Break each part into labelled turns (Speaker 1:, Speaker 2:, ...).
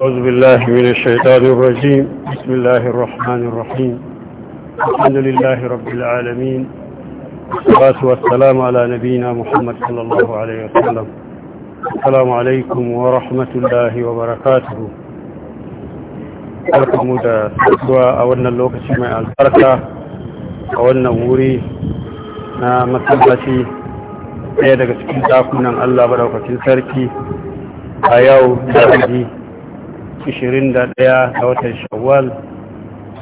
Speaker 1: أعوذ بالله من الشيطان الرجيم بسم الله الرحمن الرحيم الحمد لله رب العالمين والصلاة والسلام على نبينا محمد صلى الله عليه وسلم السلام عليكم ورحمة الله وبركاته barkanmu da saduwa a wannan lokaci mai albarka a wannan wuri na masallaci ɗaya daga cikin dakunan Allah madaukakin sarki a yau da 21 ga watan shawwal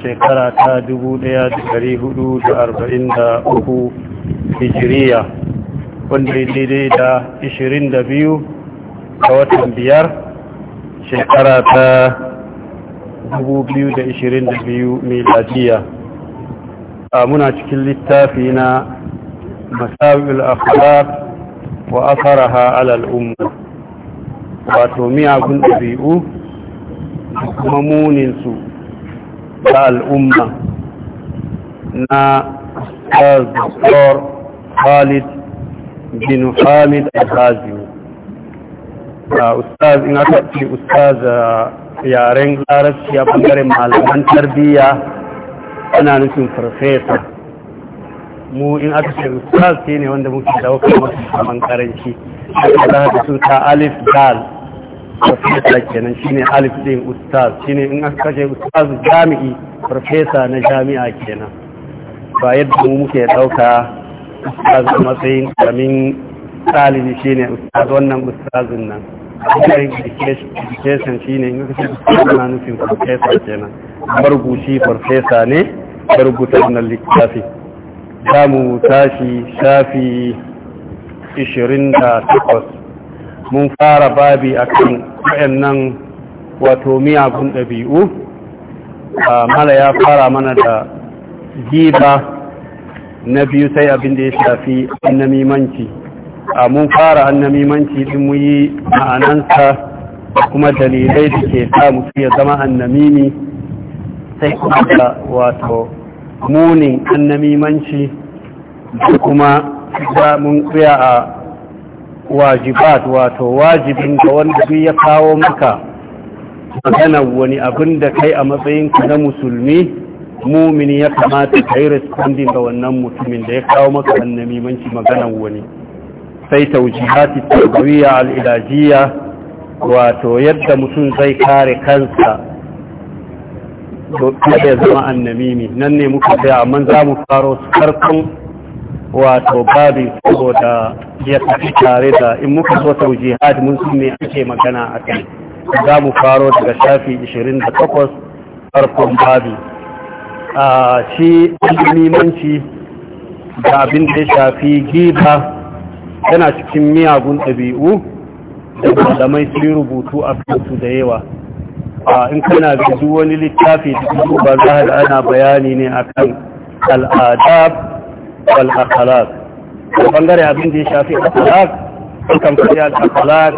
Speaker 1: shekara ta 1443 hijiriya wanda ya daidai da 22 ga watan biyar shekara ta 2022 miladiya a muna cikin littafi na masawil akhlaq wa asaraha ala al'umma wato miyagun ɗabi'u kuma muninsu ta al'umma na ƙasar khalid bin hamid al a ustaz in aka ustaz yaren larabci a bangaren malaman tarbiyya ana nufin farfesa mu in aka ce ustaz ne wanda muke daukar masu saman karanci aka za ka ta alif dal profesa kenan shine alif din ustaz shine in aka kashe ustaz jami'i profesa na jami'a kenan ba yadda mu muke dauka ustaz a matsayin kamin ɗalibi shine ustaz wannan ustaz nan Engineering education shi ne in kashe ustaz na nufin profesa kenan marubuci profesa ne ya rubuta wannan littafi za mu tashi shafi 28 mun fara babi akan waɗannan wato miyagun ɗabi'u ah, mala ya fara mana da giba na biyu sai abin da ya shafi annamimanci a ah, mun fara annamimanci ɗin mu yi ma'anansa kuma dalilai da ke ta mutu ya zama annamimi sai kuma da wato munin annamimanci da kuma za mun tsaya a wajibat wato wajibin ga wanda bi ya kawo maka magana wani abin da kai a matsayinka na musulmi mumini ya kamata ka yi responding ga wannan mutumin da ya kawo maka wannan mimanci magana wani sai taujihati tarbiyya jiya wato yadda mutum zai kare kansa da ya zama annamimi nan ne muka tsaya amma za mu faro farkon wato babi saboda ya tafi tare da in muka so sau jihad mun su ne ake magana a kai za mu faro daga shafi 28 farkon babi a shi limanci da abin da ya shafi giba yana cikin miyagun ɗabi'u da malamai sun rubutu a kansu da yawa a in kana da wani littafi da ba za ana bayani ne akan al'adab wal akhlaq ko abin da ya shafi akhlaq kan fadi al akhlaq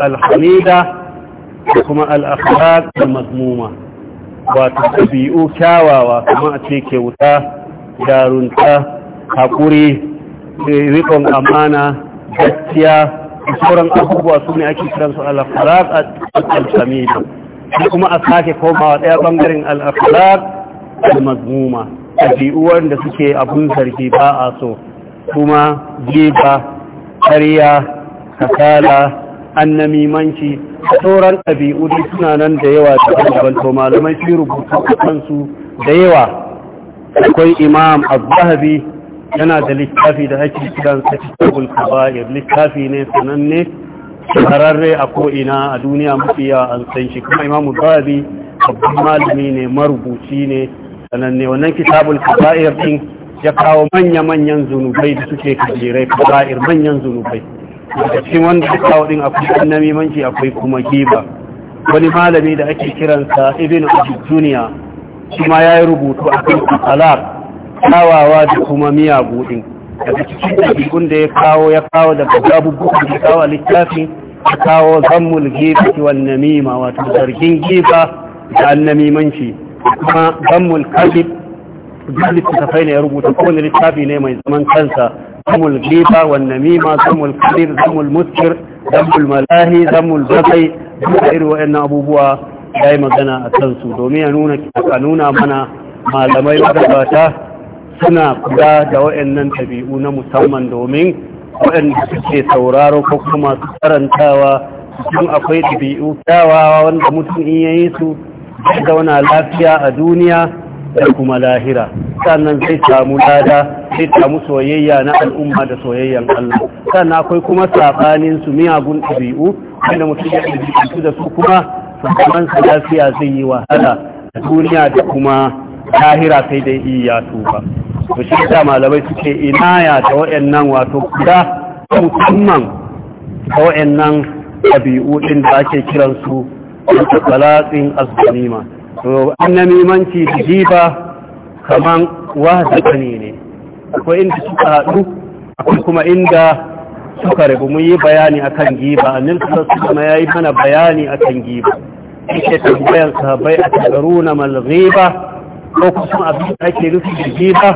Speaker 1: da kuma al akhlaq al wato tabi'u kyawawa kuma a ce ke wuta jarunta hakuri rikon amana gaskiya sauran abubuwa su ake kiran su akhlaq al-kamila kuma a sake komawa bangaren al-akhlaq ɗabi'u da suke abun sarki ba a so kuma jiba ƙarya kasala annamimanci a sauran ɗabi'u da suna nan da yawa da daban to malamai fi rubutu a kansu da yawa akwai imam az-zahabi yana da littafi da ake kiran sa kaba'ir littafi ne sananne shahararre a ko'ina a duniya mafi yawa an san shi kuma imam zahabi babban malami ne marubuci ne sananne wannan kitabul kaba'ir din ya kawo manya-manyan zunubai da suke kajirai kaba'ir manyan zunubai daga cikin wanda ya kawo din akwai annami manci akwai kuma giba wani malami da ake kiransa ibn abduniya shi kuma ya yi rubutu a kan alaq kawawa da kuma miyagu din daga cikin ɗabi'un da ya kawo ya kawo daga gabu-buku, da kawo a littafin ya kawo zammul giba wal namima wato zargin giba da manci. kuma dammul kalib jalib tafai ne ya rubuta kowane littafi ne mai zaman kansa dammul giba wan namima dammul kabir dammul muskir dammul malahi dammul bakai duka irin waɗannan abubuwa ya yi magana a kansu domin ya nuna mana malamai wadabata suna kula da waɗannan tabi'u na musamman domin waɗanda suke sauraro ko kuma masu karantawa sun akwai tabi'u kyawawa wanda mutum in yayi su zai zauna lafiya a duniya da kuma lahira sannan zai samu lada zai samu soyayya na al'umma da soyayyan Allah sannan akwai kuma sabanin su miyagun ɗabi'u inda mutum ya ɗabi'u da su kuma sannan su lafiya zai yi wahala a duniya da kuma lahira sai dai iya tuba to shi da malamai suke inaya da wayannan wato guda musamman da wayannan ɗabi'u ɗin da ake kiransu da talatin asganima to annamimanci da giba kaman wahazakani ne akwai inda suka haɗu akwai kuma inda suka rabu mun yi bayani akan giba annin sassu kuma ya yi mana bayani akan giba yake tambayar sahabai a tagaruna malghiba ko kusan abin da ake nufi da giba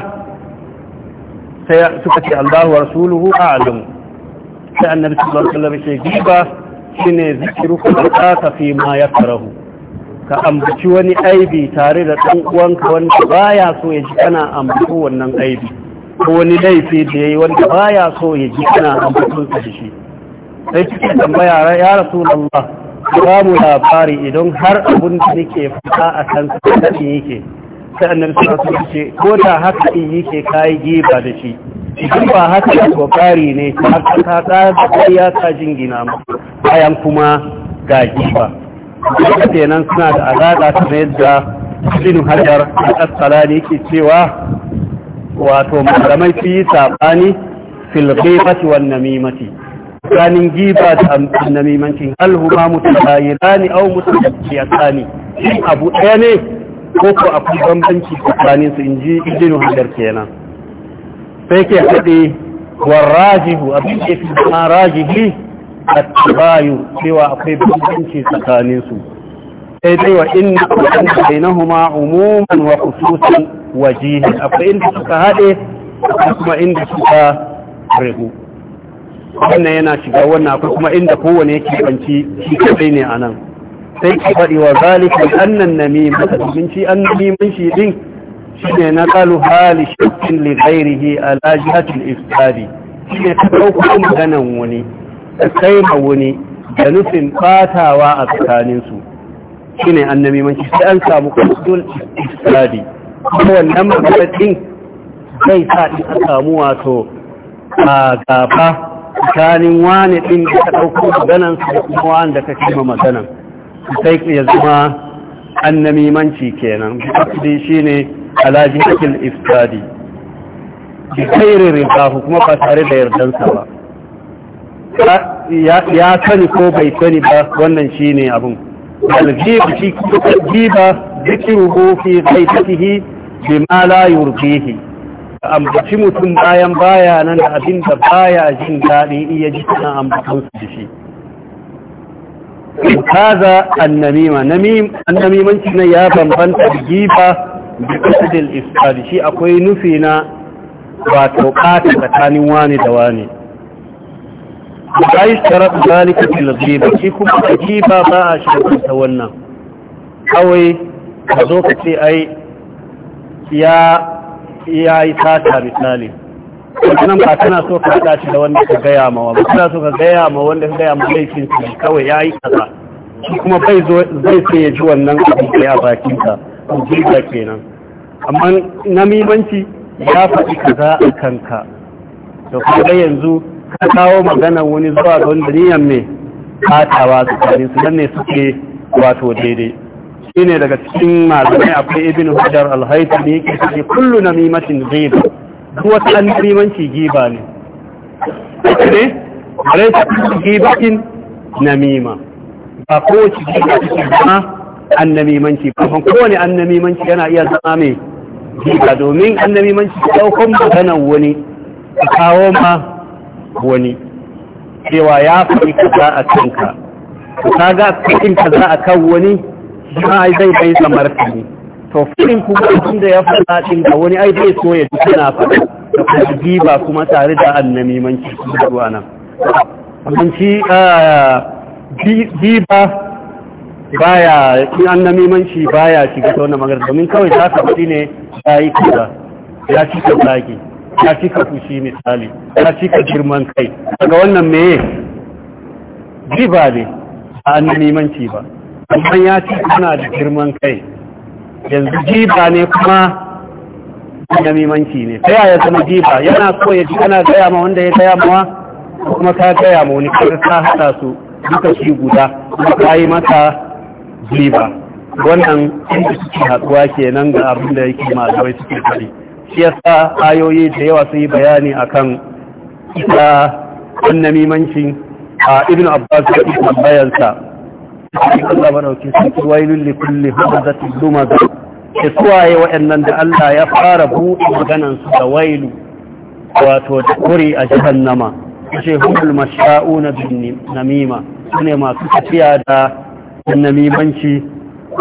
Speaker 1: sai suka ce Allahu wa rasuluhu a'lamu sai annabi sallallahu alaihi wasallam ya ce giba shine zikiru ka fi ma ya karahu ka ambaci wani aibi tare da ɗan uwanka wanda ya so ya ji kana ambaci wannan aibi ko wani laifi da yayi wanda ya so ya ji kana ambaton da shi sai kike tambaya ya rasu rasulullah ba mu labari idan har abun da nake fada a kan sa yake sai annabi sallallahu alaihi wasallam ce ko da haka in yake kai giba da shi idan ba haka da kari ne ta ta ta ya ta jingina ma bayan kuma ga ba duka kenan suna da alaƙa ta yadda ibn hajar al-asqalani ke cewa wato malamai fi yi saɓani fil ghibati wan namimati ganin giba da namimanci hal huma mutayirani aw tsani. abu ɗaya ne ko ko akwai bambanci tsakanin su inji ibn hajar kenan sai ke haɗe warrajihu abin da fi zama rajihi a tabayu cewa akwai bambanci tsakaninsu sai dai wa inda inna kusan bainahuma umuman wa khususan wajihi akwai inda suka haɗe akwai kuma inda suka rehu wannan yana shiga wannan akwai kuma inda kowane yake banci shi kadai ne a nan. sai ki faɗi wa zalika annan namima domin shi an namiman shi din shine kalu hali shakkin li ghairihi ala jihati al-ifsadi shine ka dauko maganan wani ka kai ma wani da nufin fatawa a tsakanin su shine annabi man shi an samu kusul ifsadi ko wannan maganar din zai sa in a samu wato a gaba tsakanin wani din da ka dauko maganan su da kuma da ka kima maganan sai ya zama annamimanci kenan shi ne ala jinkatil iftadi. Ki khairi ridahu kuma ba tare da yardansa ba ya sani ko bai sani ba wannan ne abin alghiba shi ba zikruhu fi ghaibatihi bima la yurdihi ambaci mutum bayan baya nan da abin da baya jin daɗi iya ji kana ambatansu da shi kaza annamima annamimanci na ya bambanta da giba bi qasidil ifsad shi akwai nufi na wato kata tsakanin wani da wani ai sharat zalika fil ghiba shi kuma ghiba ba a shirkin ta wannan kawai ka zo ka ce ai ya ya yi sata misali wannan ba tana so ka haɗa shi da wanda ka gaya ma, ba tana so ka gaya ma wanda ka gaya ma laifin su kawai ya yi kaza shi kuma bai zai sai ya ji wannan abin da ya bakinka ujiza kenan amma namimanci ya faɗi kaza a kanka to kuma yanzu ka kawo magana wani zuwa ga wanda niyan mai katawa tsakanin su nan ne suke wato daidai Shi ne daga cikin malamai akwai ibin hujjar alhaitu ne yake suke kullu mimacin ghiba duk wata mimanci giba ne ita ne bare ta na namima ba kowace giba take ba annamimanci kafin kowane annamimanci yana iya zama mai jika domin annamimanci ɗaukan maganar wani a kawo ma wani cewa ya faɗi kaza a kanka ka ga cikin kaza a kan wani ma ai zai bai da martani to filin kuma abin da ya faɗa ɗin da wani ai zai so ya duka na faɗa da kuma jiba kuma tare da annamimanci su zuwa nan. abinci. Ah, jiba baya in an shi baya shiga ta wannan magana domin kawai za ka faɗi ne ya yi kaza ya cika zagi ya cika fushi misali ya cika girman kai daga wannan ji ba ne a an shi ba amma ya ci kuna da girman kai yanzu ba ne kuma shi ne ta yaya zama ba yana so ya ji kana gaya ma wanda ya gaya mawa kuma ka gaya ma wani kar ka haɗa su duka shi guda kuma ka yi mata ba wannan inda suke ke kenan ga abin da yake malamai suke fari shi yasa ayoyi da yawa sun yi bayani akan ita mimanci a ibn abbas da ibn bayansa Allah madauki sarki wailul li kulli humazatin lumaza ke suwaye waɗannan da Allah ya fara buɗe maganan su da wailu wato da kuri a jahannama ce humul na bin namima ne masu tafiya da annamimanci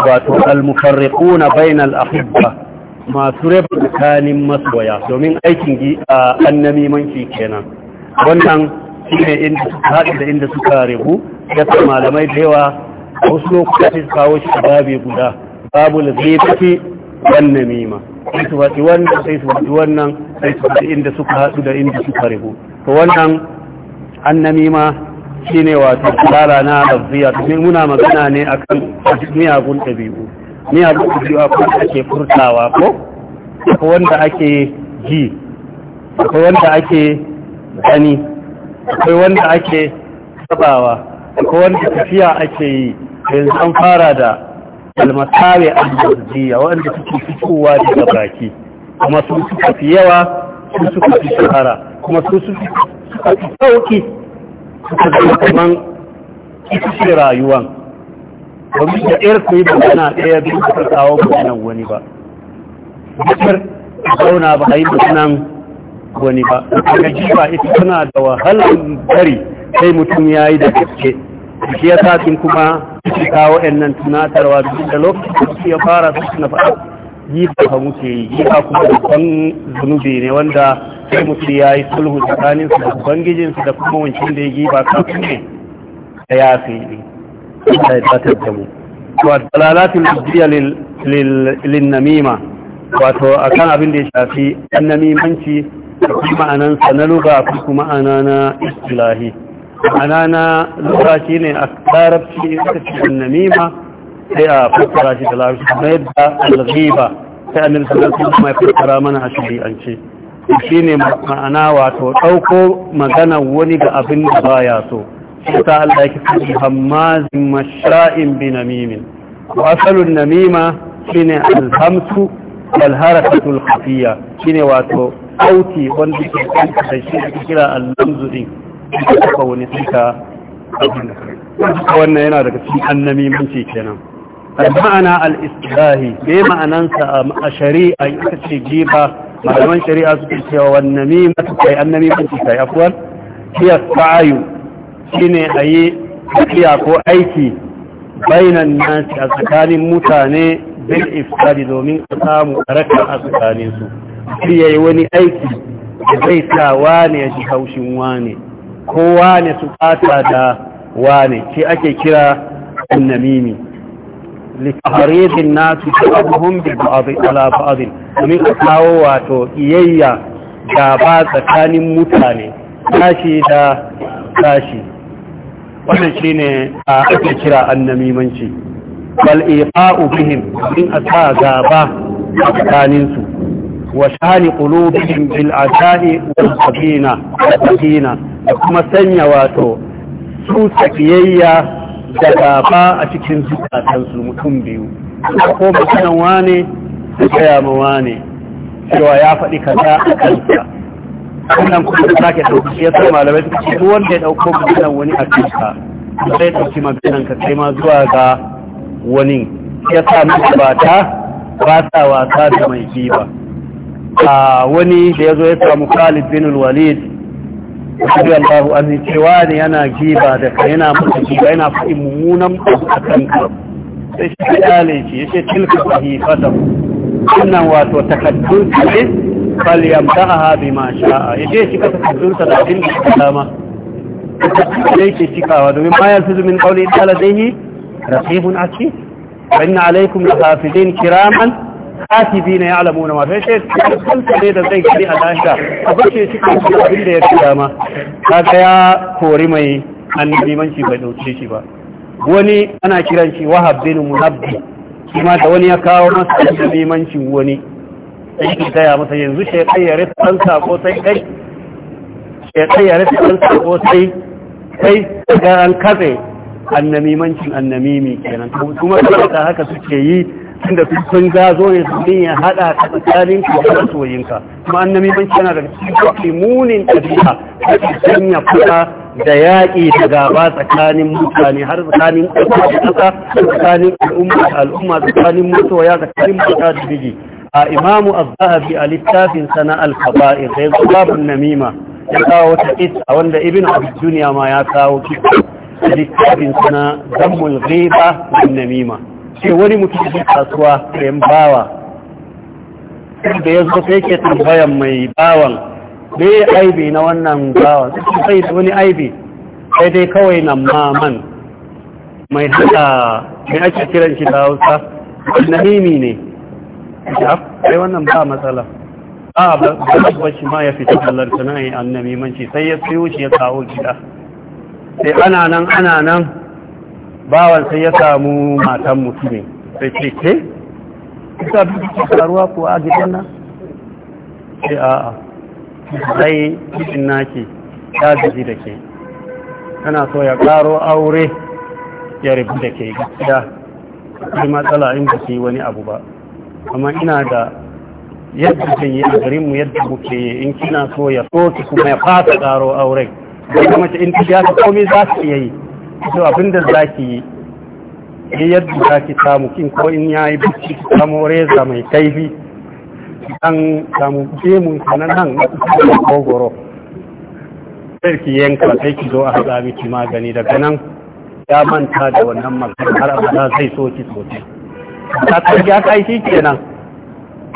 Speaker 1: wato almufarriquna bainal ahibba masu raba tsakanin masoya domin aikin annamimanci kenan wannan shine inda suka haɗu da inda suka rabu ya malamai da yawa wasu lokuta sai kawo shi babu guda babu lazzafi wan namima sai su faɗi wannan sai su faɗi wannan sai su faɗi inda suka haɗu da inda suka rabu to wannan annamima shi ne wato tsara na lafiya tafi muna magana ne a kan miyagun ɗabi'u miyagun ɗabi'u a wanda ake furtawa ko akwai wanda ake ji akwai wanda ake gani akwai wanda ake tabawa akwai wanda tafiya ake yi yanzu an fara da almasare a murjiya wanda suke fitowa daga baki kuma sun suka fi yawa sun suka fi shahara kuma sun suka fi sauki suka zai kaman ita ce rayuwan mu da ɗayar ku yi magana ɗaya biyu ba ta kawo nan wani ba bukar zauna ba a yi ba nan wani ba A daga jiba ita suna da wahalar bari sai mutum ya yi da gaske shi ya satin kuma su kawo ɗan nan tunatarwa da lokacin da ya fara su na faɗa ba ka yi jiba kuma babban zunubi ne wanda sai mutum ya yi sulhu tsakanin su da ubangijin su da kuma wancan da ya yi ba kafin ne da ya fi ne da ya ta da mu wato dalalatin lubbiya lil namima wato akan abin da ya shafi annamimanci, namimanci da kuma ma'anansa na luga ko kuma ma'ana na istilahi ma'ana na luga ne a larabci ita ce namima sai a fassara shi da larabci kuma yadda alghiba sai a sallallahu alaihi kuma ya fassara mana a shari'ance shi ne ma'ana wato ɗauko magana wani ga abin da ba ya so
Speaker 2: shi ta Allah ki fi
Speaker 1: hammazin mashra'in bi namimin asalun namima shi ne alhamsu walharakatul kafiya shi ne wato sauti wanda ke kanta da shi da kira alhamsu ɗin shi ta wani suka wannan yana daga cikin annamimanci kenan
Speaker 2: al ma'ana
Speaker 1: al-istilahi bai ma'anansa a shari'a ita ce jiba? malaman shari'a suke cewa wannami matukai kai an namima ce kai shi hiya sa'ayu shine ayi tafiya ko aiki bainan nasi a tsakanin mutane bil ifsadi domin a samu raka a tsakanin su shi yi wani aiki da zai sa wane ya ji haushin wane ko wane su kata da wane shi ake kira ne لتحريض الناس بعضهم ببعض على بعض domin a kawo wato iyayya da tsakanin mutane tashi da tashi wannan shi ne a ake kira annamimanci bal iqa'u bihim in asa gaba a tsakaninsu wa shani qulubihim bil da kuma sanya wato su ƙiyayya. da gaba a cikin zukatansu mutum biyu ko mutum wane da gaya ma wane cewa ya faɗi kaza a kanta wannan kuma da sake ɗauki ya sa malamai suka ce duk wanda ya ɗauko maganan wani a kanta sai ɗauki maganan ka sai ma zuwa ga wani ya sa magabata ba sa wasa da mai kiba a wani da ya zo ya samu Khalid bin Walid
Speaker 2: Rabi Allahu
Speaker 1: anni cewa ne yana giba da ka yana maka giba yana faɗi mummunan abu a kanka. Sai shi ya dale shi ya ce tilka sahifata. Wannan wato takaddun ka ne bal yamta'aha ma sha'a. Ya je shi ka takaddun sa da abin da ya dama. Ya yake cikawa domin ma yalfizu min qawli ta'ala dai rahibun aki. Wa inna alaikum lahafizin kiraman katibi na ya alamu na mafi shi ya kanta ne da zai gari a lahira a bace shi kan abin da ya fi dama ta ya kori mai annabimanci bai dauce shi ba wani ana kiran shi wahab munabbi kuma da wani ya kawo masa annabimancin wani sai ki taya masa yanzu shekai ya sako sai kai shekai ya sako sai kai ga an katse annamimancin annamimi kenan kuma da haka suke yi tunda kun ga zo ne domin ya hada ta tsakanin ku da soyinka kuma annabi ban yana da cikin munin tabi'a da sanya fada da yaƙi da gaba tsakanin mutane har tsakanin ƙasa da ƙasa tsakanin al'umma da al'umma tsakanin mutuwa tsakanin mata da miji a imamu azhabi a littafin sana al-kaba'ir da yanzu babu namima ya kawo ta a wanda ibn abu ma ya kawo kisa littafin sana zammul ghiba bin namima ce wani mutum ya kasuwa sayan bawa da ya zo sai ke tambayan mai bawan da ya aibi na wannan bawan sai sai da wani aibi sai dai kawai na maman mai haka mai ake kiran shi da hausa namimi ne sai wannan ba matsala a ba shi ma ya fita kallar sana'in manci, sai ya siyo shi ya kawo gida sai ana nan ana nan bawan sai ya samu matan mutumin sai ce ke ita duk karuwa ko a gidan na? sai a sai cikin naki ta jiji da ke ana so ya karo aure ya rubu da ke gida sai matsala in ba yi wani abu ba amma ina da yadda ke yi a garinmu yadda muke yi in kina so ya so soki kuma ya fata karo auren
Speaker 2: da kuma in ta ya
Speaker 1: komai za su iya yi to abinda za ki yi ne yadda za ki samu kin ko in ya yi bacci ki samu reza mai kaifi dan samu gemun sanar nan na kogoro sai ki yanka sai ki zo a haɗa miki magani daga nan ya manta da wannan magana har abada zai so ki sosai ta kai ya kenan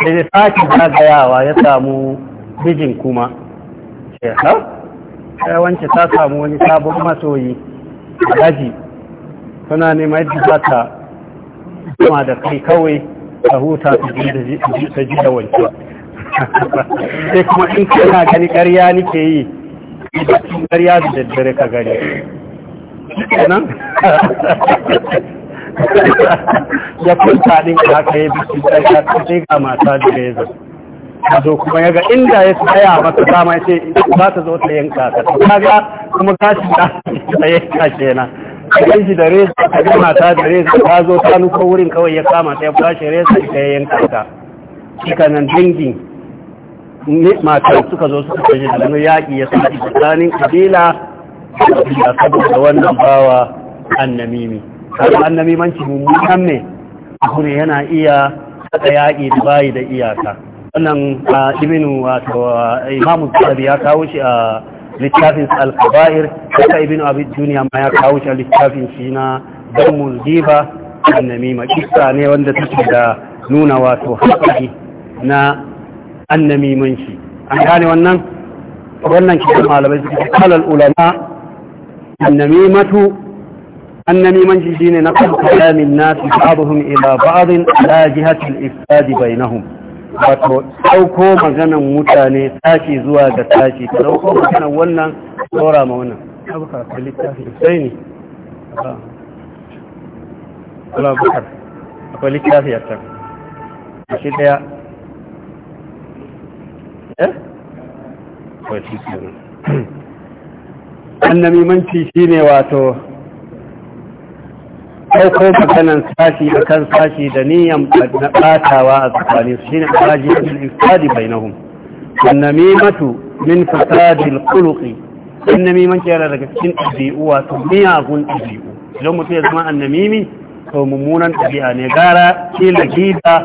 Speaker 1: sai ya sake zagayawa ya samu mijin kuma ce ha sai wance ta samu wani sabon masoyi daji suna nema yadda za ta kuma da kai kawai ta huta ta ji da wanke sai kuma in kana gani karya nike yi idan karya da daddare ka gani nan ya taɗin ka haka ya bi sai ga mata da reza a zo kuma ya ga inda ya tsaya masa dama ya ce za ta zo ta yanka ka ga kuma ka shiga tsaye ka kenan kan shi da reza ta gama ta da reza ta zo ta nufa wurin kawai ya kama ta ya fashe reza ta yayin yanka shi shika nan ne matar suka zo suka kashe da wani yaƙi ya sa tsakanin kabila da saboda wannan bawa annamimi har annamimanci mummunan ne kuma yana iya saka yaƙi da bayi da iyaka wannan ibinu wato imamu zabi ya kawo shi a littafin al-kaba'ir haka ibn abi duniya ma ya kawo shi littafin shi na damul giba annamima kissa ne wanda take da nuna wato haƙi na annamimanci an gane wannan wannan kitan malamai suke kalal ulama annamimatu annamimanci shine na kalamin nasu ba'dhum ila ba'd ala jihati al-ifsad bainahum wato ɗauko maganan mutane tashi zuwa ga tashi ka maganan wannan tsora ma wannan abubakar littafi sai ne akwai littafi a can a shi eh annamimanci shi ne wato ɗauko maganan sashi a kan sashi da niyan na ɓatawa a tsakani shi ne alaji a cikin fadi bai nahun annami matu min fasadil kuluki annami man kera daga cikin ɗabi'u wato miyagun ɗabi'u idan mutum ya zama annamimi to mummunan ɗabi'a ne gara kila gida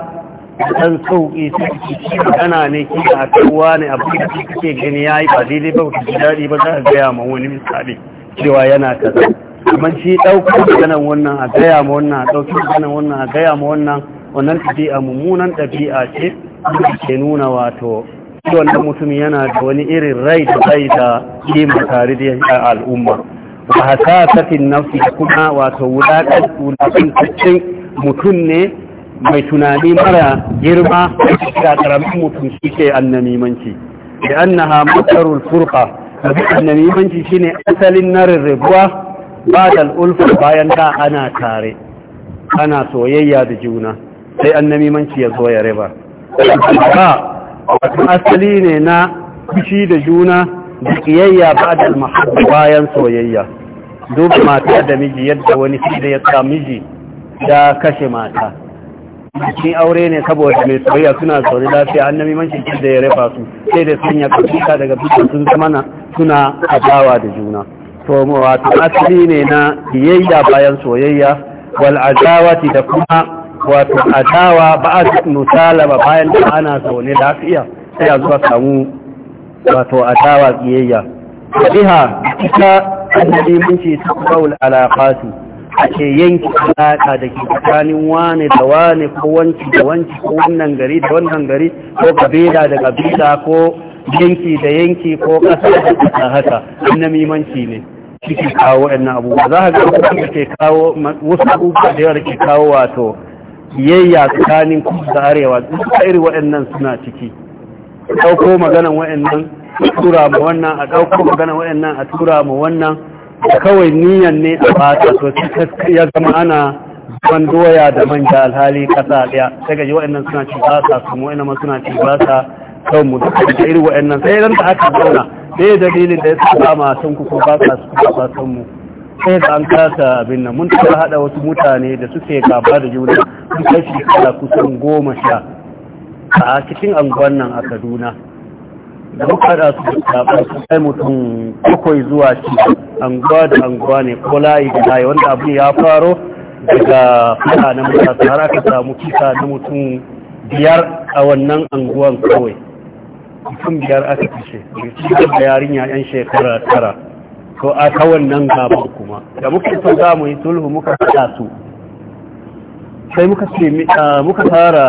Speaker 1: dan sauƙi sai ci magana ne ke a kowa ne abin da kake gani ya yi ba daidai ba ku ji daɗi ba za a gaya ma wani misali cewa yana kaza kamar shi ɗaukar maganan wannan a gaya ma wannan a ɗaukar maganan wannan a gaya ma wannan wannan ɗabi'a mummunan ɗabi'a ce da ke nuna wato wannan mutum yana da wani irin rai da rai da kima tare da al'umma ba haka safin nafsi kuma wato wulaƙantaccen mutum ne mai tunani mara girma da ƙaramin mutum shi ke annamimanci da annaha matsarul furqa da annamimanci shine asalin narin rabuwa ba da bayan da ana tare ana soyayya da juna sai an namimanci ya zo ya riba ba asali ne na fushi da juna da kiyayya ba mahabba bayan soyayya duk mata da miji yadda wani da ya sa miji da kashe mata shi aure ne saboda mai soyayya suna zaune lafiya an namimanci da ya rafa su sai da sanya kafita daga bikin sun zama suna adawa da juna to wato asali ne na biyayya bayan soyayya wal azawati da kuma wato adawa ba a ba bayan da ana zaune lafiya sai a zuwa samu wato adawa biyayya biha ita annabi mun ce ta qaul alaqati ake yanki alaƙa da ke tsakanin wane da wane ko wanci da wanci ko wannan gari da wannan gari ko kabila da kabila ko yanki da yanki ko ƙasa da ƙasa haka mimanci ne ciki kawo waɗannan abubuwa za a ga abubuwan da ke kawo wasu abubuwa da yawa da ke kawo wato yayya tsakanin kuma da arewa duka iri waɗannan suna ciki ɗauko maganan waɗannan a tura ma wannan a ɗauko maganan waɗannan a tura ma wannan da kawai niyan ne a bata to ya zama ana ban doya da manja alhali ƙasa ɗaya sai yi waɗannan suna ci ba sa kuma waɗannan suna ci ba sa kan mu duka da irin wa'annan sai zan da aka zauna sai dalilin da ya saba ma san ku ko ba ka su ba san mu sai da an kasa abin nan mun taba hada wasu mutane da suke gaba da juna sun kai shekara kusan goma sha a cikin anguwan nan a Kaduna da muka da su da su kai mutum bakwai zuwa ci anguwa da anguwa ne ko layi da layi wanda abu ya faro daga fara na mutane har aka samu kisa na mutum biyar a wannan anguwan kawai mutum biyar aka kashe da yarinya yan shekara tara ko a ta wannan gaban kuma da muka so za mu yi sulhu muka kada su sai muka ce ah, muka tara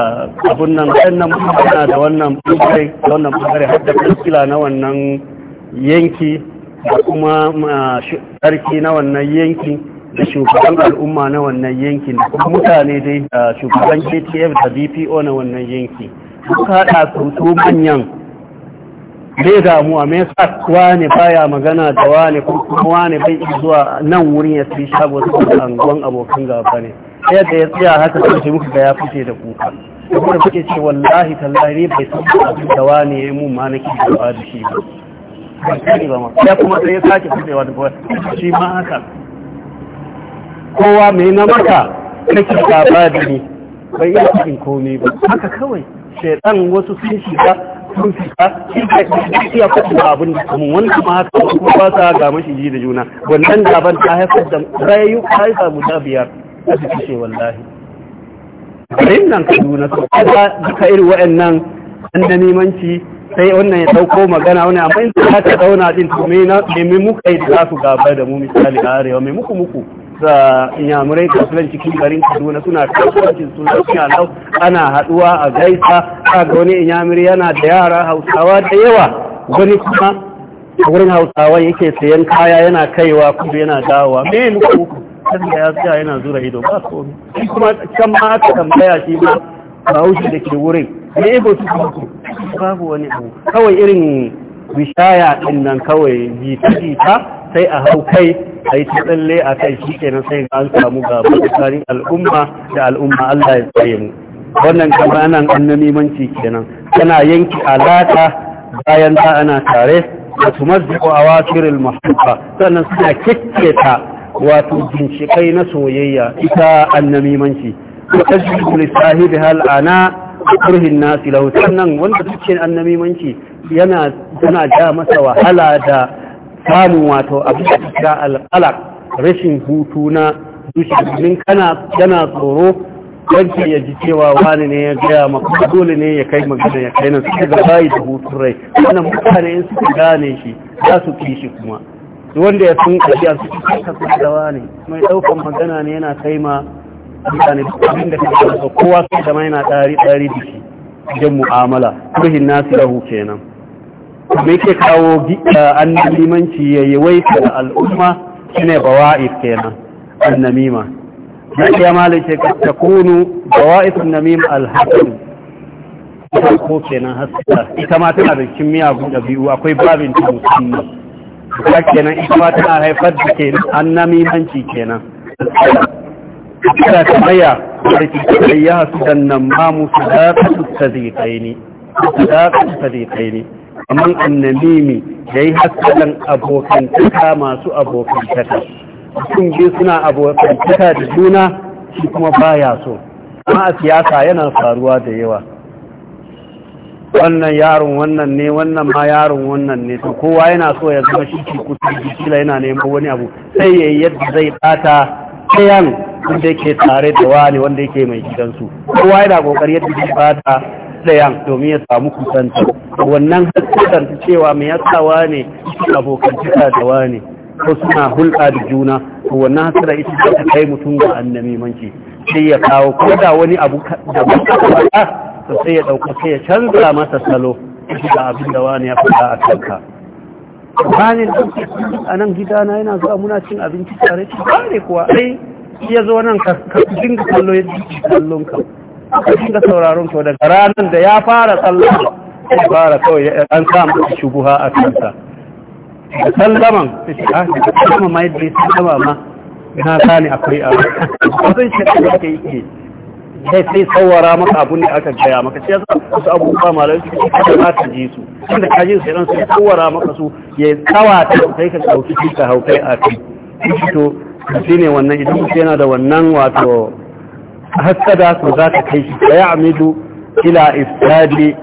Speaker 1: abun nan muka mutane da wannan bukari da wannan bukari har da kansila na wannan yanki da kuma ah, sarki na wannan yanki da shugaban al'umma na wannan yanki da kuma mutane dai ah, shugaban ktf da bpo na wannan yanki suka haɗa su manyan bai damuwa mai sa wane baya magana da wane kuma wane bai zuwa nan wurin ya fi shago su da anguwan abokan gaba ne yadda ya tsaya haka sai ce muka ga ya fice da kuka kuma kuke ce wallahi tallahi ne bai san abin da wane ya yi mun ma nake zuwa da shi
Speaker 2: ba
Speaker 1: ya kuma sai ya sake fitewa da kuwa shi ma haka kowa mai na maka nake gaba da ni bai iya cikin komai ba haka kawai shaidan wasu sun shiga sun fita shi ya faɗi abin da kuma wanda ma haka kuma ba sa ga mashiji da juna wannan gaban ta haifar da rayu haifa guda biyar a su kashe wallahi bayan nan ka juna su kada duka irin wa'annan an da nemanci sai wannan ya dauko magana wani amma in ta ta dauna din to me na me muka yi da su gaba da mu misali arewa me muku muku da inyamurai kasuwan cikin garin kaduna suna kasuwancin su suna lau ana haduwa a gaisa za ga wani inyamiri yana da yara hausawa da yawa wani kuma a wurin hausawa yake sayan kaya yana kaiwa kudu yana dawowa me muku da ya tsaya yana zura ido ba so kuma can ma aka tambaya shi ba ba wuce da ke wurin ne ego su ku babu wani abu kawai irin bishaya din nan kawai jita jita sai a hau kai a yi tsalle a kai shi kenan sai an samu gaba tsakanin al'umma da al'umma Allah ya tsaye mu wannan kamanan annamimanci kenan tana yanki alaka bayan ta ana tare da tumazziqu awatiril muhabba sannan suna kikketa wato ginshikai na soyayya ita annamimanci wa tajlibu li sahibiha al'ana kurhin nasi lahu sannan wanda suke annamimanci yana yana ja masa wahala da samun wato abin da al'alaq rashin hutu na zuciya kana yana tsoro wancan ya ji cewa wani ne ya gaya maka dole ne ya kai magana ya kai nan suka ga bayi da hutun rai wannan mutane in suka gane shi za su fi shi kuma wanda ya sun kashi a suke kasa da wani mai daukan magana ne yana kai ma mutane abin da kake da kowa su da mai yana tsari tsari da shi wajen mu'amala turhin nasu lahu kenan me ke kawo limanci ya yawaita da al'umma shine bawa'if kenan annamima da ya malin ce ta kunu da wa'ifin namim alhassan ita ko kenan haska. ita ma tana da cin miyagun ɗabi'u akwai babin ta
Speaker 2: musamman ta kenan ita ma tana haifar da ke an
Speaker 1: namimanci kenan ta tsaya da ke tsayya hasu dan nan mamu su da kasu ta zai ne su da kasu ta zai ne amma annamimi da yi hassanan abokantaka masu abokantaka sun biyu suna abokantaka da juna shi kuma baya so amma a siyasa yana faruwa da yawa wannan yaron wannan ne wannan ma yaron wannan ne to kowa yana so ya zama shi ke kusa jikila yana neman wani abu sai ya yadda zai bata ɗayan wanda yake tare da wani wanda yake mai gidansu kowa yana kokari yadda zai bata ɗayan domin ya samu kusanta wannan haskutan cewa mai wani ne cika da wani ko suna hulɗa da juna to wannan hasara ita ce ta kai mutum ga annamimanci sai ya kawo ko da wani abu da ba ka faɗa to sai ya dauka sai ya canza masa salo da abin da wani ya faɗa a kanka Bani ranar a nan gidana yana zuwa muna cin abinci tare ci ba ne kuwa ai ya zo nan ka dinga kallo ya kallon ka ka dinga sauraron ka daga ranar da ya fara tsallo ya fara kawai an samu shubuha a kanka.
Speaker 2: da sallaman
Speaker 1: ta ce ah da sallama ya sallama ma na gane akwai a wajen shi da aka yi ke sai sai tsawara maka abun da aka gaya maka shi yasa wasu abubuwa malar su ce kada za ka ji su inda ka ji su sai tsawara maka su ya tsawata sai ka ɗauki shi ka haukai a kai to shi ne wannan idan mutum yana da wannan wato hasada to za ta kai shi ya amidu ila istadi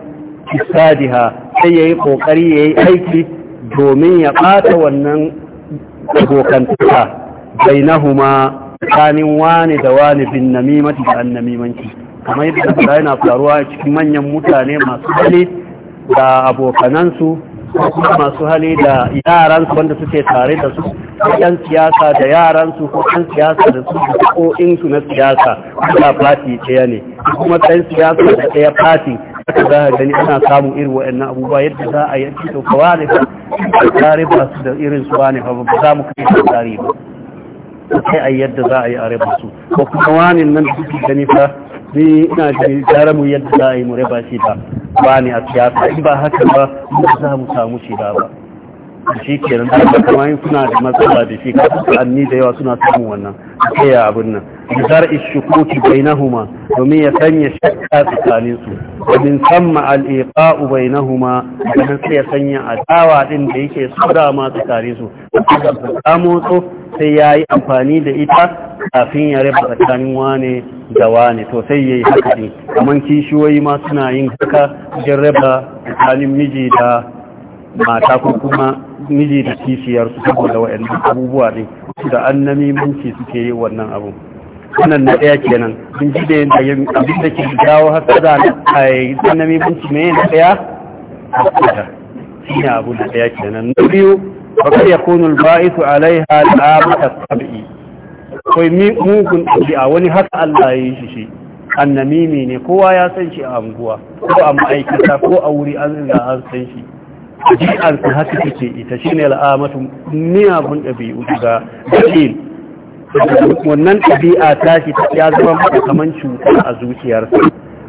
Speaker 1: istadiha sai ƙoƙari ya yi aiki domin ya ɓata wannan abokantaka huma tsakanin wani da wani bin namimati da annamimanci kamar yadda ta yana faruwa cikin manyan mutane masu hali da abokanansu ko masu hali da yaransu wanda suke tare da su yan siyasa da yaransu ko yan siyasa da su ko insu na siyasa kuma fati ɗaya ne kuma ɗan siyasa da ɗaya fati haka za a gani ana samun irin waɗannan abubuwa yadda za a yanki to ne wane a tsare ba su da irin su ne ba ba za mu kai su tsare ba sai a yadda za a yi a raba su ko kuma wani nan da suke gani fa ni ina gani gara mu yadda za a yi mu raba shi ba ba ne a siyasa in ba haka ba mu za mu samu shi ba ba shi ke nan da kuma yin suna da matsala da shi an ni da yawa suna samun wannan ake ya abin nan bizar ishukuki huma domin ya sanya shakka tsakanin su san min samma na huma bainahuma dan sai ya sanya adawa din da yake so da ma tsakanin su samu so sai yayi amfani da ita kafin ya raba tsakanin wane da wane to sai yayi haka ne kamar kishiyoyi ma suna yin haka jin raba tsakanin miji da mata ko kuma miji da kishiyar su saboda wa'annan abubuwa ne da annamimanci suke yi wannan abu wannan na daya kenan in ji da yin abin da ke jawo hasada a annamimanci mai daya a hasada shi ne abu na daya kenan na biyu bakar ya kunu ba'isu alaiha al'abata sab'i kai mugun ɗabi'a wani haka Allah ya yi shi shi annamimi ne kowa ya san shi a anguwa ko a ma'aikata ko a wuri an riga an san shi ɗabi'ar su haka take ita shi ne al'amatu miyagun ɗabi'u daga dalil wannan ɗabi'a ta shi ya zama mata kaman cuta a zuciyarsa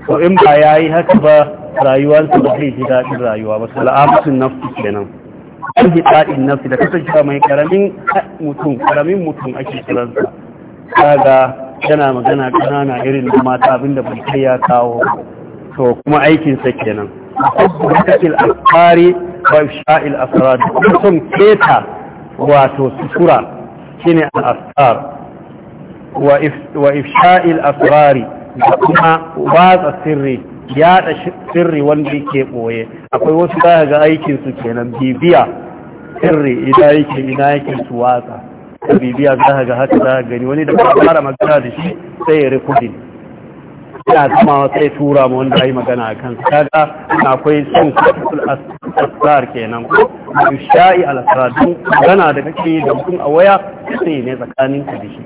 Speaker 1: to in ba ya yi haka ba rayuwarsa ba zai ji daɗin rayuwa ba al'amatun nafsi kenan an ji daɗin nafsi da kasance mai karamin mutum karamin mutum ake kiransa kaga yana magana ƙanana irin da mata abinda bai kai ya kawo to kuma aikinsa kenan.
Speaker 2: Akwai ta
Speaker 1: alfari wa sha'il kuma sun keta wato sutura shine a wa ifsha'il asrari da kuma watsa sirri yada sirri wanda yake boye akwai wasu za ga aikin su kenan bibiya sirri idan yake ina yake su watsa bibiya za ga haka za gani wani da ba fara magana da shi sai ya rikodin yana zama sai tura mu wanda yi magana a kan kaga akwai sun asrar kenan ko sha'i al-asrar magana da kake da mutum a waya sai ne tsakanin ka da shi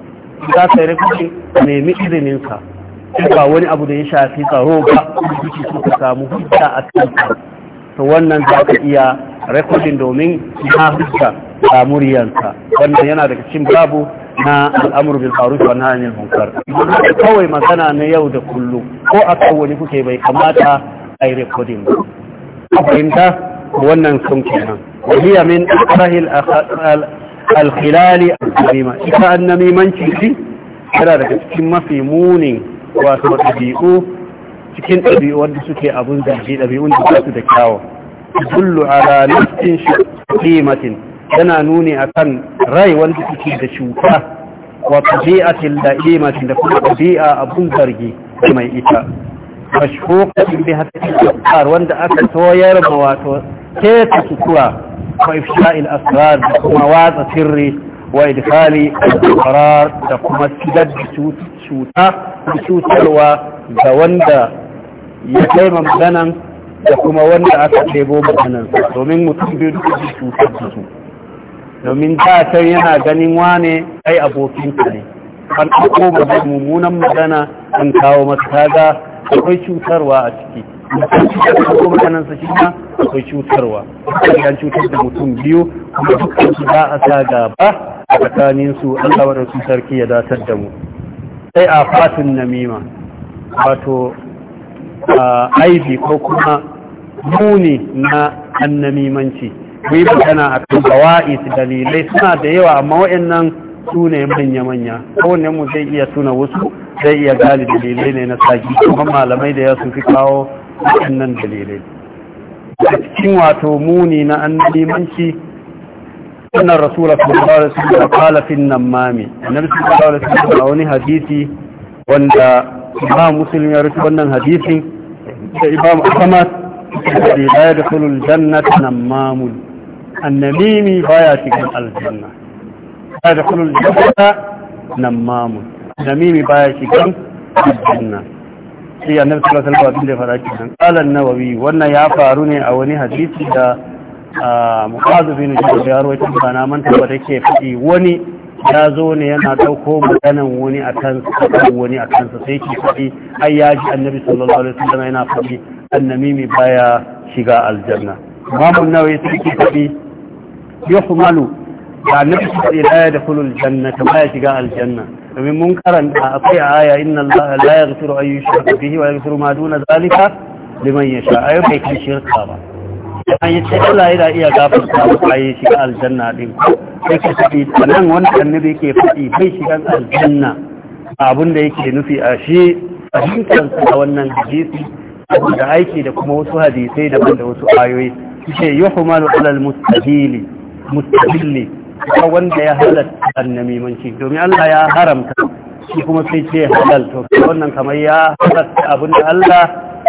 Speaker 1: za ka yi nemi izinin sa ba wani abu da ya shafi tsaro ba duki su ka samu hujja a kan to wannan za ka iya rekodin domin ya hujja a wannan yana daga cikin babu na al'amur bil ma'ruf na nahy anil kawai magana na yau da kullum. ko a kawai kuke bai kamata yi recording ba fahimta wannan sun kenan wa hiya min akrahil al-khilal al-namima ita manci shi yana daga cikin mafi munin wato ɗabi'u cikin ɗabi'u wanda suke abun zargi ɗabi'un da su da kyawu dullu ala nafsin shi qimatin yana nuni akan rai wanda take da cuta wa tabi'atil da'imati da kuma tabi'a abun zargi mai ita mashhuqatin bi hadhihi wanda aka toyar ma wato ke ta kuwa wa ifsha'il asrar da kuma watsa sirri wa idkhali al-qarar da kuma sidar cuta cutarwa da wanda ya kai maganan
Speaker 2: da kuma wanda aka ɗebo maganan
Speaker 1: domin mutum biyu duk cutar da su domin da yana ganin wane ai abokinka ne an ɗauko ba mummunan magana an kawo masa akwai cutarwa a ciki ko maganansa shi ma akwai cutarwa an cutar da mutum biyu kuma dukkan su za a sa gaba a tsakanin su Allah da su sarki ya datar da mu sai a fatin namima wato aibi ko kuma muni na annamimanci mu yi magana a kan bawa'is dalilai suna da yawa amma wa'annan su ne manya-manya kowanne mu zai iya tuna wasu zai iya gali dalilai ne na saki kuma malamai da ya sun fi kawo wa'annan dalilai a cikin wato muni na limanci annan rasulat sallallahu su da kalafin nan mami annabi sallallahu alaihi su da wani hadisi wanda ba musulmi ya rubuta wannan hadisin da imam ahmad da ya da kulul jannat mamun annamimi baya cikin aljanna ya da kulul jannata namamu annamimi baya cikin aljanna sai annabi sallallahu alaihi wasallam da fara kidan qala an-nawawi wannan ya faru ne a wani hadisi da muqadh bin jabir ya rawaita bana man tabbata ke fadi wani ya zo ne yana dauko maganan wani a kansa wani akan sa sai ke fadi ai ya ji annabi sallallahu alaihi wasallam yana fadi annamimi baya shiga aljanna imamu nawawi sai ke fadi yuhmalu da annabi sai la yadkhulu aljannata ba ya aljanna domin mun karanta akwai aya inna allaha la yaghfiru an yushraka bihi wa yaghfiru ma duna zalika liman yasha ayo bai kin shirka ba an yi ce Allah ya iya gafarta wa bayi shiga aljanna din sai ka tafi nan wani annabi yake faɗi bai shiga aljanna abin da yake nufi a shi fahimtar sa wannan hadisi da aiki da kuma wasu hadisai daban da wasu ayoyi shi yuhmalu alal mustahili ne ta wanda ya halatta annamimanci domin Allah ya haramta shi kuma sai ce halal to wannan kamar ya halatta abin da Allah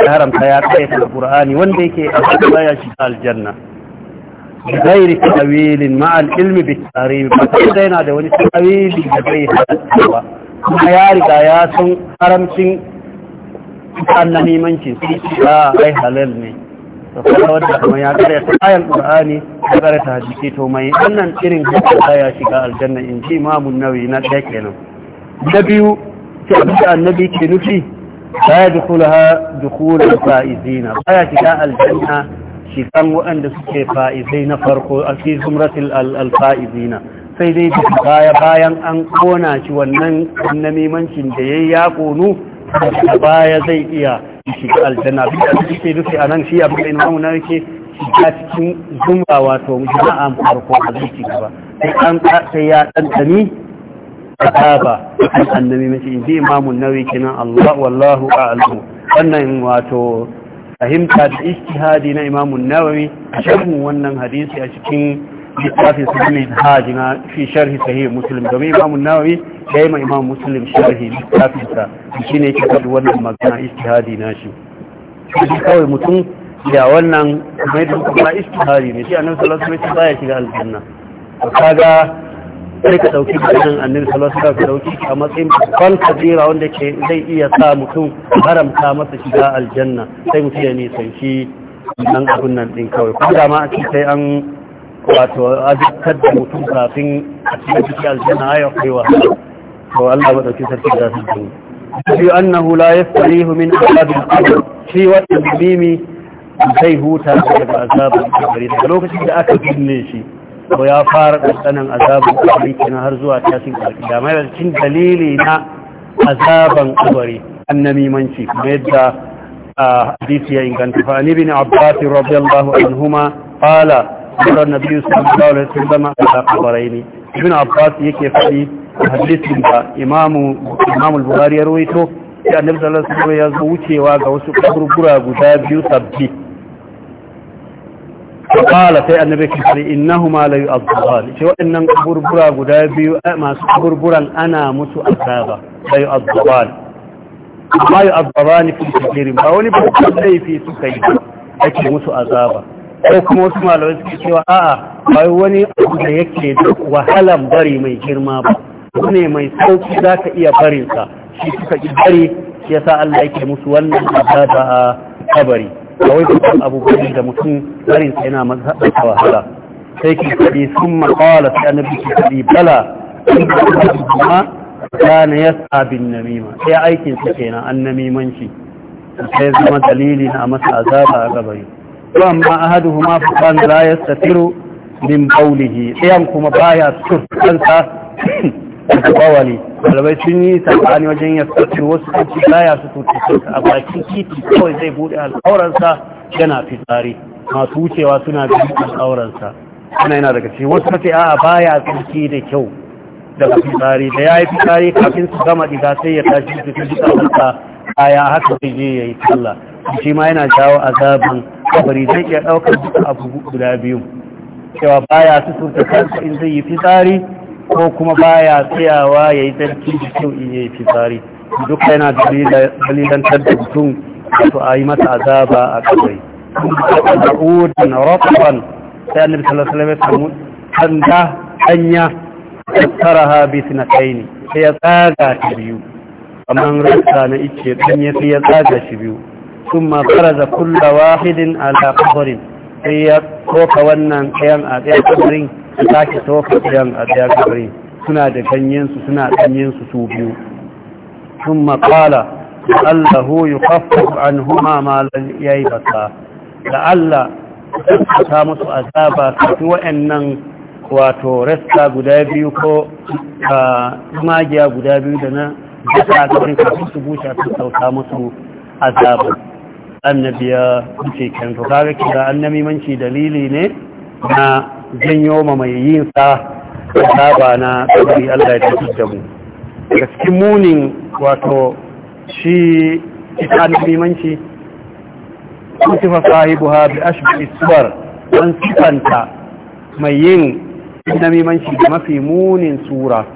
Speaker 1: ya haramta ya kai ta Qur'ani wanda yake a cikin baya shi aljanna غير bi tarihi ba sai da yana da wani tawili da zai halatta ba kuma ya riga ya san haramcin annamimanci sai ya ah, ai halal ne da kuma wadda kuma ta karyata ayan qur'ani ya ta hadisi to mai wannan irin haka ya shiga aljanna in ji imamu nawawi na ɗaya kenan na biyu ce abin annabi ke nufi Baya dukulaha dukulan fa'izina shiga aljanna shigan waɗanda suke fa'izai na farko a fi zumratul alfa'izina sai dai da baya bayan an kona shi wannan annamimancin da ya yi ya konu baya zai iya shiga aljanna duk da sai rufe a nan shi abin da imamu na yake shiga cikin zumba wato jama'a farko a zai ci gaba sai an sai ya ɗanɗani azaba an annabi mace in ji imamu nawawi kenan Allah wallahu a'lamu wannan wato fahimta da ijtihadi na imamu nawawi a shan wannan hadisi a cikin littafi sunan hajji na fi sharhi sahih muslim domin imam nawawi ya yi ma imam muslim sharhi littafinsa shi ne yake faɗi wannan magana istihadi na shi shi kawai mutum ya wannan mai da kuma istihadi ne shi annabi sallallahu alaihi wasallam baya shiga aljanna to kaga sai ka dauki bayanin annabi sallallahu alaihi wasallam dauki a matsayin babban kabira wanda ke zai iya sa mutum haramta masa shiga aljanna sai mutum ya shi nan abun nan din kawai kuma dama a ce sai an wato azabtar da mutum kafin a cikin cikin aljanna ayar kaiwa to Allah ba dauki sarki da su ne shi annahu la yastarihu min azabil qabr shi wannan bimi zai huta daga azabin kabari daga lokacin da aka binne shi Ko ya fara ɗanɗanan azabin kabari kenan har zuwa tashin alƙiyama mai cikin dalili na azaban kabari annamimanci kuma yadda ah, hadisi ya inganta fa bin abbas radiyallahu anhuma qala قال النبي صلى الله عليه وسلم على قبرين ابن عباس يكي فدي hadisin da imamu buhari ya rawaito ya annabi sallallahu alaihi ya zo wucewa ga wasu kaburbura guda biyu sabbi qala sai annabi ki sai innahuma la yu'adhaban shi wannan kaburbura guda biyu masu kaburburan ana musu azaba la yu'adhaban amma yu'adhaban fi kabirin ba wani ba sai fi suka yi ake musu azaba ko kuma wasu malamai suke cewa a'a bai wani abu da yake da wahalan bari mai girma ba ne mai sauki za ka iya barinsa shi suka ki bari shi yasa Allah yake musu wannan azaba a kabari A wai dukkan abubuwan da mutum barinsa yana masa wahala sai ki kaɗi sun maƙala sai annabi ki kaɗi bala kuma na yasa bin namima sai aikin sa kenan namimanci sai zama dalili na masa azaba a kabari amma ahaduhuma faqan la yastatiru min bawlihi ɗayan kuma baya sutur da bawali ɗalibai sun yi sabani wajen ya sutur wasu kanci baya sutur kansa a bakin titi kawai zai buɗe al'auransa yana fitsari masu wucewa suna bin al'auransa ana yana daga cikin wasu kace a'a baya tsarki da kyau daga fitsari da ya yi fitsari kafin su gama diga sai ya tashi su fi jika kaya haka zai je ya yi sallah shi ma yana jawo azaban kabari zai iya ɗaukar duka abu guda biyu cewa baya suturta kansa in zai yi fitsari ko kuma baya tsayawa ya yi tsarki da kyau in yi fitsari duka yana dalilantar da mutum wato a yi masa azaba a kabari da'udin rafafan sai annabi sallallahu alaihi wasallam kan da hanya tsaraha bi sinataini sai ya tsaga ta biyu kamar rasta na ice ɗanye sai ya tsaga shi biyu ثم فرز كل واحد على قبر sai ya toka wannan ɗayan a ɗaya kabarin ya sake toka ɗayan a ɗaya kabarin suna da ganyensu suna ɗanyensu su biyu sun makala allahu yi kafa an huma ya yi da allah azaba kafi wato resta guda biyu ko magiya guda biyu da na jasa kabarin kafin su bushe sun sauta musu azaba annabiya ya kan to kaga kira annamimanci dalili ne na janyo ma mai yin sa saba na tsari Allah ya tafi da mu da cikin munin wato shi ita annamimanci fa sahibu ha bi ashbi iswar an sifanta mai yin annamimanci da mafi munin sura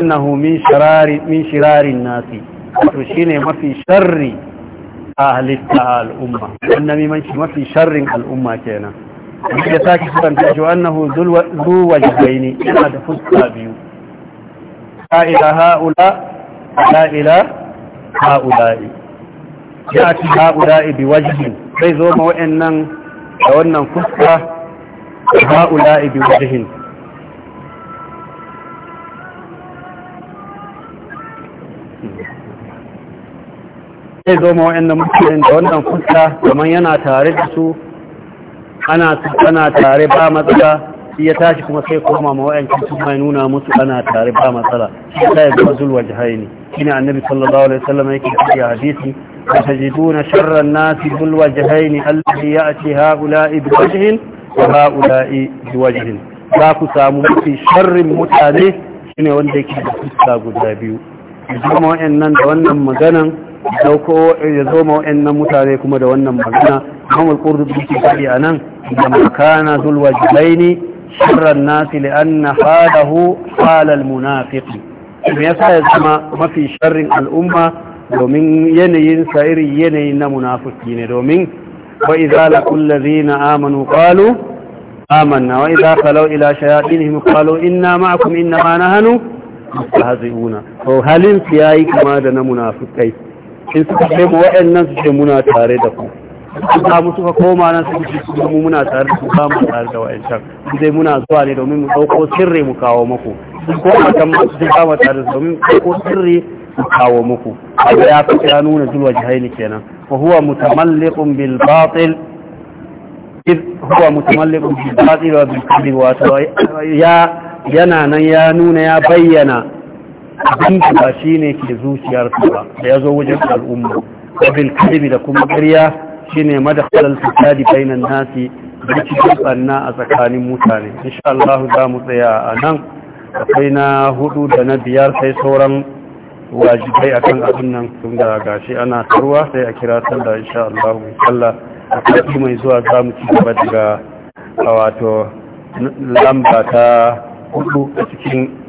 Speaker 1: innahu min sharari min shirarin nasi to shine mafi sharri a halitta a al'umma wannan mimanci mafi sharrin al'umma kenan da sake kuranta shi annahu zuwa jihaini yana da fuska biyu ka'ila ha'ula la'ila ha'ula'i ya ci ha'ula'i bi wajihin zai zo ma wa'annan da wannan fuska
Speaker 2: ha'ula'i bi wajihin
Speaker 1: zai zo ma wa'annan mutanen da wannan fuska kamar yana tare da su ana tare ba matsala shi ya tashi kuma sai koma ma wa'ancan sun mai nuna musu ana tare ba matsala shi ya sai zuwa zulwa shi ne annabi sallallahu alaihi wasallam yake cikin hadisi tajiduna sharra sharran nasi zulwa jahaini alladhi ya'ti ha'ula'i bi wajhin wa ha'ula'i bi wajhin za ku samu mafi sharrin mutane shi ne wanda yake da fuska guda biyu kuma wa'annan da wannan maganan dauko ya zo ma wa'annan mutane kuma da wannan magana Imam Qurtubi ke faɗi anan da makana zul wajbaini sharran nas li anna halahu hal al munafiq me yasa ya zama mafi sharrin al'umma domin yanayin sa yanayin na munafiki ne domin wa idza laqul ladina amanu qalu amanna wa idza khalaw ila shayatinihim qalu inna ma'akum inna ma nahnu mustahzi'una to halin su yayi kama da na munafikai in suka kai mu waɗannan su ce muna tare da ku su samu suka koma nan su ce su mu muna tare da ku ba mu tare da waɗancan zai muna zuwa ne domin mu ɗauko sirri mu kawo muku ko a kan masu sun kama tare da domin ɗauko sirri mu kawo muku abu ya fi ya nuna zulwa jihaini kenan fa huwa mutamallikun bil batil إذ هو متملق بالباطل وبالكذب وتوى يا yana nan ya nuna ya bayyana
Speaker 2: abin da ba
Speaker 1: shi ne ke zuciyar ba da ya zo wajen al'umma wabil kalibi da kuma ƙarya shi ne madakhalar fasadi bainan nasi da cikin ɓanna a tsakanin mutane insha Allah za mu tsaya a nan akwai na hudu da na biyar sai sauran wajibai akan abin nan tun da gashi ana tarwa sai a kira sallah insha Allah mu sallah a kafin mai zuwa za mu ci gaba daga wato lamba ta hudu a cikin